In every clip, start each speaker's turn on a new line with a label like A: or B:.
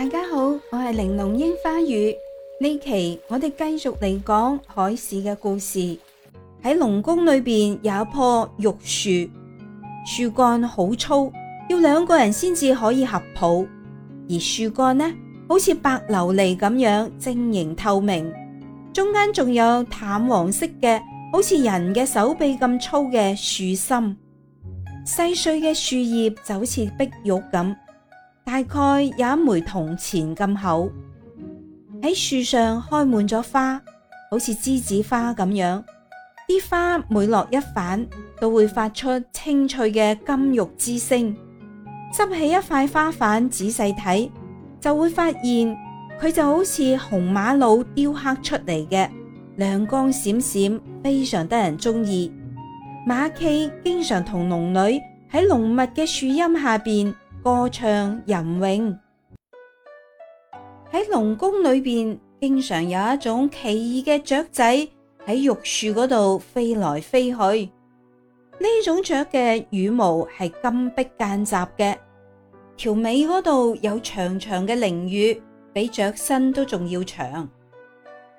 A: 大家好，我係玲瓏櫻花雨。呢期我哋繼續嚟講海市嘅故事。喺龍宮裏邊有一棵玉樹，樹幹好粗，要兩個人先至可以合抱。而樹幹呢，好似白琉璃咁樣晶瑩透明，中間仲有淡黃色嘅，好似人嘅手臂咁粗嘅樹心。細碎嘅樹葉就好似碧玉咁。大概有一枚銅錢咁厚，喺樹上開滿咗花，好似梔子花咁樣。啲花每落一瓣，都會發出清脆嘅金玉之聲。執起一塊花瓣仔細睇，就會發現佢就好似紅瑪瑙雕刻出嚟嘅，亮光閃閃，非常得人鍾意。馬驥經常同龍女喺濃密嘅樹蔭下邊。歌唱吟詠。喺龍宮裏邊，經常有一種奇異嘅雀仔喺玉樹嗰度飛來飛去。呢種雀嘅羽毛係金碧間雜嘅，條尾嗰度有長長嘅翎羽，比雀身都仲要長。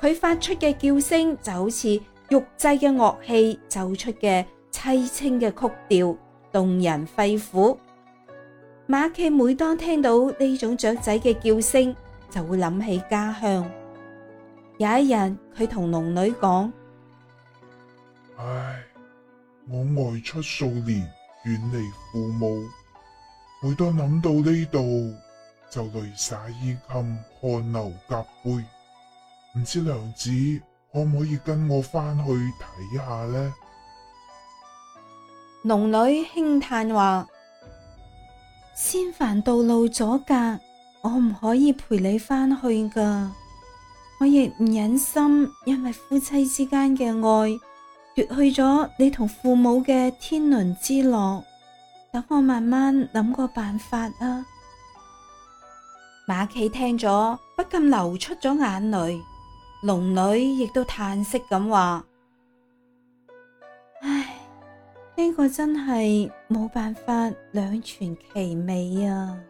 A: 佢發出嘅叫聲就好似玉製嘅樂器奏出嘅淒清嘅曲調，動人肺腑。馬驥每當聽到呢種雀仔嘅叫聲，就會諗起家鄉。有一日，佢同龍女講：
B: 「唉，我外出數年，遠離父母，每當諗到呢度，就淚灑衣襟，汗流浹背。唔知娘子可唔可以跟我翻去睇下呢？」
A: 龍女輕嘆話。仙凡道路阻隔，我唔可以陪你返去噶。我亦唔忍心，因為夫妻之間嘅愛奪去咗你同父母嘅天倫之樂。等我慢慢諗個辦法啦、啊。馬驥聽咗不禁流出咗眼淚，龍女亦都嘆息咁話。呢個真係冇辦法兩全其美啊！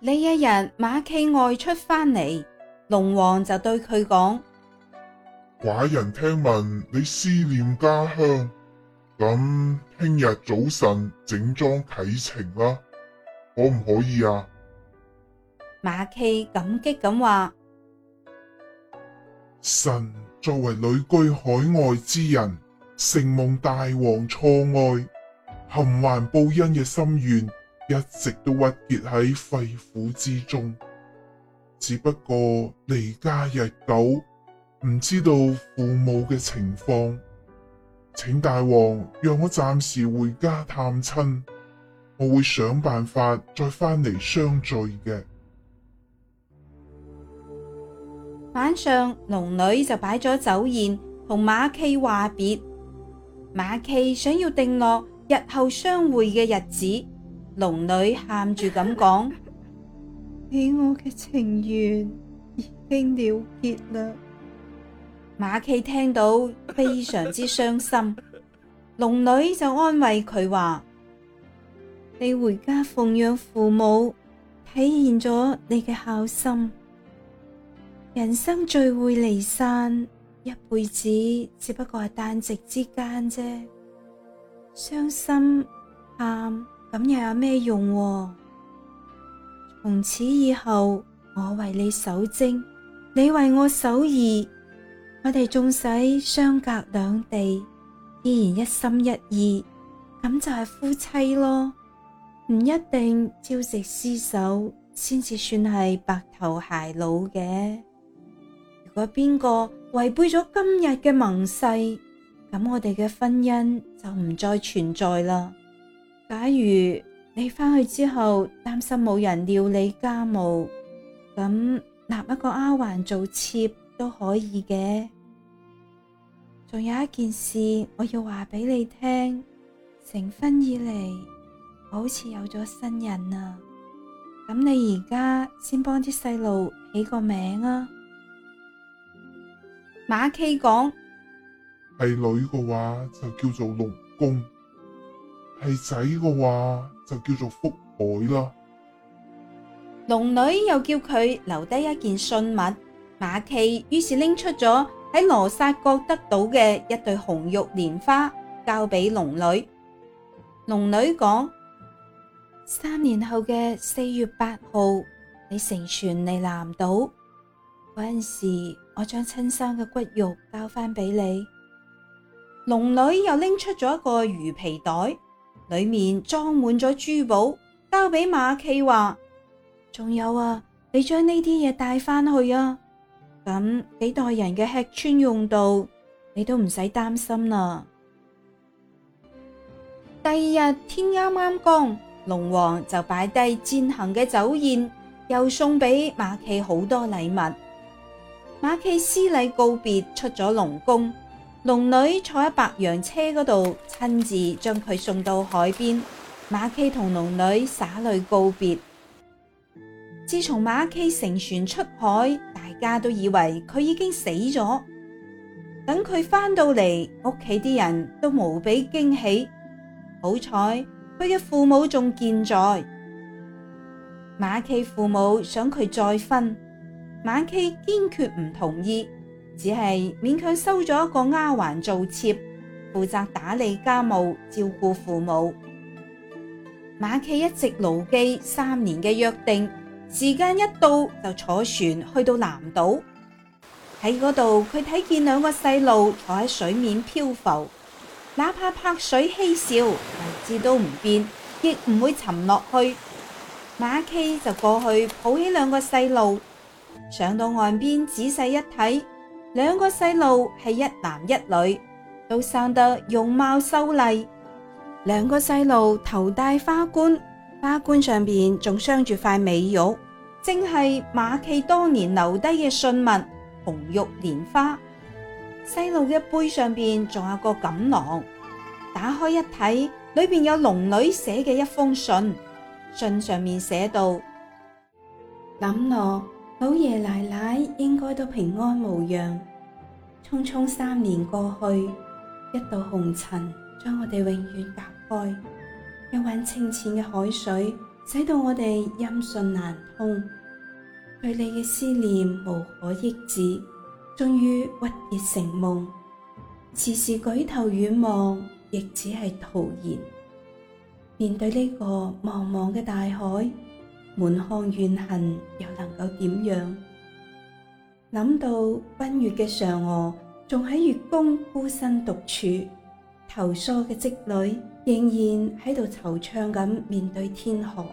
A: 呢一日馬驥外出翻嚟，龍王就對佢講：
B: 寡人聽聞你思念家鄉，咁聽日早晨整裝啟程啦，可唔可以啊？
A: 馬驥感激咁話：
B: 臣作為旅居海外之人。承蒙大王錯愛，含環報恩嘅心願，一直都鬱結喺肺腑之中。只不過離家日久，唔知道父母嘅情況，請大王讓我暫時回家探親，我會想辦法再翻嚟相聚嘅。
A: 晚上龍女就擺咗酒宴同馬驥話別。馬琪想要定落日後相會嘅日子，龍女喊住咁講：你 我嘅情緣已經了結啦。馬琪聽到非常之傷心，龍 女就安慰佢話：， 你回家奉養父母，體現咗你嘅孝心。人生聚會離散。一輩子只不過係旦夕之間啫，傷心喊咁又有咩用啊？從此以後，我為你守貞，你為我守義，我哋縱使相隔兩地，依然一心一意，咁就係夫妻咯。唔一定朝夕廝守先至算係白頭偕老嘅。如果邊個違背咗今日嘅盟誓，咁我哋嘅婚姻就唔再存在啦。假如你翻去之後擔心冇人料理家務，咁立一個丫鬟做妾都可以嘅。仲有一件事我要話俾你聽，成婚以嚟好似有咗新人啊！咁你而家先幫啲細路起個名啊！馬驥講，
B: 係女嘅話就叫做龍宮，係仔嘅話就叫做福海啦。
A: 龍女又叫佢留低一件信物，馬驥於是拎出咗喺羅剎國得到嘅一對紅玉蓮花，交俾龍女。龍女講： 三年後嘅四月八號，你乘船嚟南島嗰陣時。我將親生嘅骨肉交翻俾你，龍女又拎出咗一個魚皮袋，裏面裝滿咗珠寶，交俾馬驥話：仲有啊，你將呢啲嘢帶翻去啊，咁、嗯、幾代人嘅吃穿用度，你都唔使擔心啦。第二日天啱啱光，龍王就擺低餞行嘅酒宴，又送俾馬驥好多禮物。馬驥施禮告別，出咗龍宮，龍女坐喺白羊車嗰度，親自將佢送到海邊。馬驥同龍女灑淚告別。自從馬驥乘船出海，大家都以為佢已經死咗。等佢翻到嚟，屋企啲人都無比驚喜。好彩，佢嘅父母仲健在。馬驥父母想佢再婚。馬 kie 堅決唔同意，只係勉強收咗一個丫鬟做妾，負責打理家務、照顧父母。馬 k 一直牢記三年嘅約定，時間一到就坐船去到南島。喺嗰度，佢睇見兩個細路坐喺水面漂浮，哪怕拍水嬉笑，文字都唔變，亦唔會沉落去。馬 k 就過去抱起兩個細路。上到岸邊仔細一睇，兩個細路係一男一女，都生得容貌秀麗。兩個細路頭戴花冠，花冠上邊仲鑲住塊美玉，正係馬驥當年留低嘅信物紅玉蓮花。細路嘅杯上邊仲有個錦囊，打開一睇，裏邊有龍女寫嘅一封信，信上面寫到諗我。老爺奶奶應該都平安無恙。匆匆三年過去，一道紅塵將我哋永遠隔開，一灣清淺嘅海水，使到我哋音訊難通。對你嘅思念無可抑制，終於鬱結成夢。時時舉頭遠望，亦只係徒然。面對呢個茫茫嘅大海。滿腔怨恨又能夠點樣？諗到奔月嘅嫦娥仲喺月宮孤身獨處，投梭嘅織女仍然喺度惆悵咁面對天河，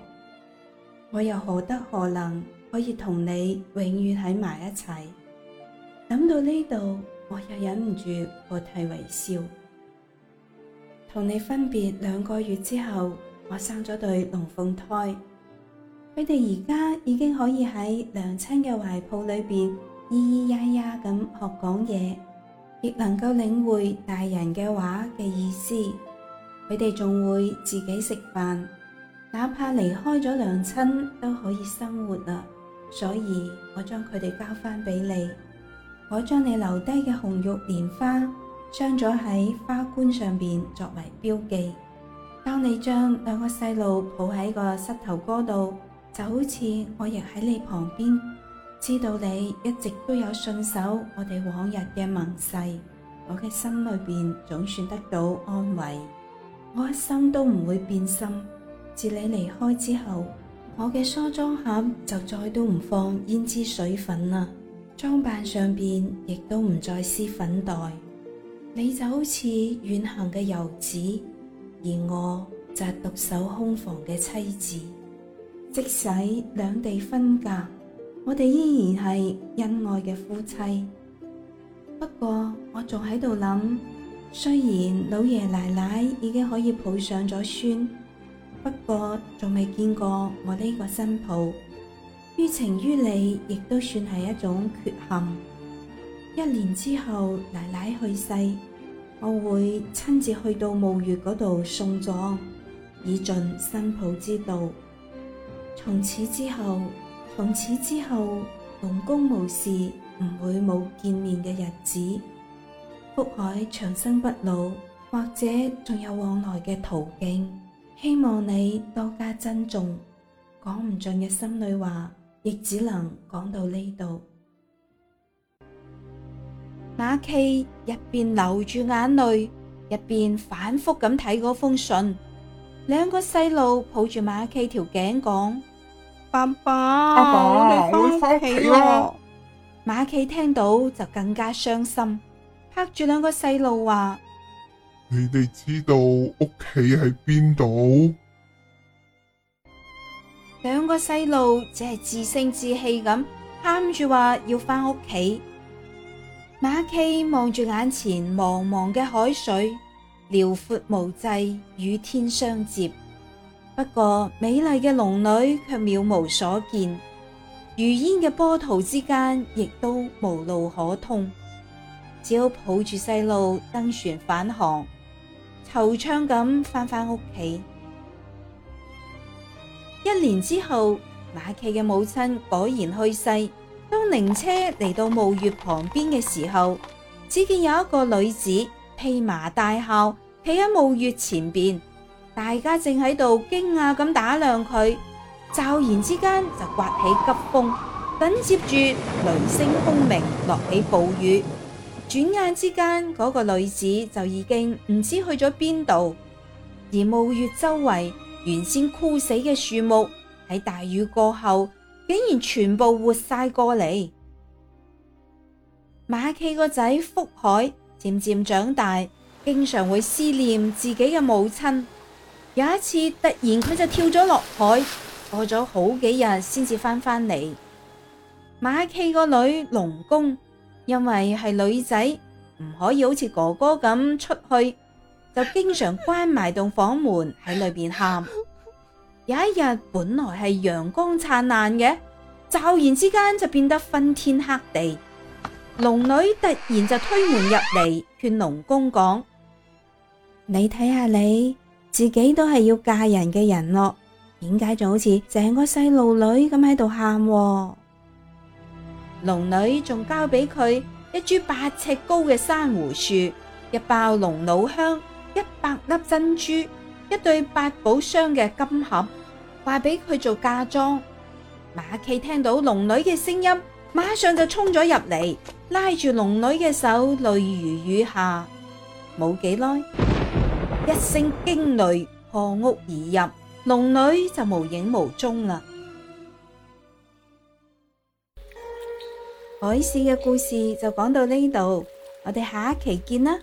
A: 我又何德何能可以同你永遠喺埋一齊？諗到呢度，我又忍唔住破涕為笑。同你分別兩個月之後，我生咗對龍鳳胎。佢哋而家已經可以喺娘親嘅懷抱裏邊咿咿呀呀咁學講嘢，亦能夠領會大人嘅話嘅意思。佢哋仲會自己食飯，哪怕離開咗娘親都可以生活啦。所以我將佢哋交翻俾你，我將你留低嘅紅玉蓮花鑲咗喺花冠上邊作為標記。當你將兩個細路抱喺個膝頭哥度，就好似我亦喺你旁邊，知道你一直都有信守我哋往日嘅盟誓，我嘅心裏邊總算得到安慰。我一生都唔會變心，自你離開之後，我嘅梳妝盒就再都唔放胭脂水粉啦，裝扮上邊亦都唔再施粉黛。你就好似遠行嘅游子，而我就係獨守空房嘅妻子。即使兩地分隔，我哋依然係恩愛嘅夫妻。不過我仲喺度諗，雖然老爺奶奶已經可以抱上咗孫，不過仲未見過我呢個新抱，於情於理亦都算係一種缺陷。一年之後，奶奶去世，我會親自去到墓穴嗰度送葬，以盡新抱之道。從此之後，從此之後，龍公無事唔會冇見面嘅日子。福海長生不老，或者仲有往來嘅途徑，希望你多加珍重。講唔盡嘅心裏話，亦只能講到呢度。馬契入 e 邊流住眼淚，入邊反覆咁睇嗰封信。兩個細路抱住馬契 i e 條頸講。爸爸，我哋翻屋企咯！馬驥聽到就更加傷心，拍住兩個細路話：
B: 你哋知道屋企喺邊度？
A: 兩個細路只係自生自氣咁喊住話要翻屋企。馬驥望住眼前茫茫嘅海水，遼闊無際，與天相接。不過，美麗嘅龍女卻渺無所見，如煙嘅波濤之間亦都無路可通，只好抱住細路登船返航，惆悵咁翻返屋企。一年之後，馬驥嘅母親果然去世。當靈車嚟到墓穴旁邊嘅時候，只見有一個女子披麻戴孝，企喺墓穴前邊。大家正喺度驚訝咁打量佢，驟然之間就颳起急風，緊接住雷聲轟鳴，落起暴雨。轉眼之間，嗰、那個女子就已經唔知去咗邊度。而墓穴周圍原先枯死嘅樹木喺大雨過後，竟然全部活晒過嚟。馬驥個仔福海漸漸長大，經常會思念自己嘅母親。有一次突然佢就跳咗落海，過咗好幾日先至翻返嚟。馬驥個女龍公，因為係女仔，唔可以好似哥哥咁出去，就經常關埋棟房門喺裏邊喊。有一日本來係陽光燦爛嘅，驟然之間就變得昏天黑地。龍女突然就推門入嚟，勸龍公講：你睇下你。自己都係要嫁人嘅人咯，點解就好似成個細路女咁喺度喊？龍女仲交俾佢一株八尺高嘅珊瑚樹，一包龍腦香，一百粒珍珠，一對八寶箱嘅金盒，話俾佢做嫁妝。馬驥聽到龍女嘅聲音，馬上就衝咗入嚟，拉住龍女嘅手，淚如雨下。冇幾耐。一聲驚雷破屋而入，龍女就無影無蹤啦。海市嘅故事就講到呢度，我哋下一期見啦。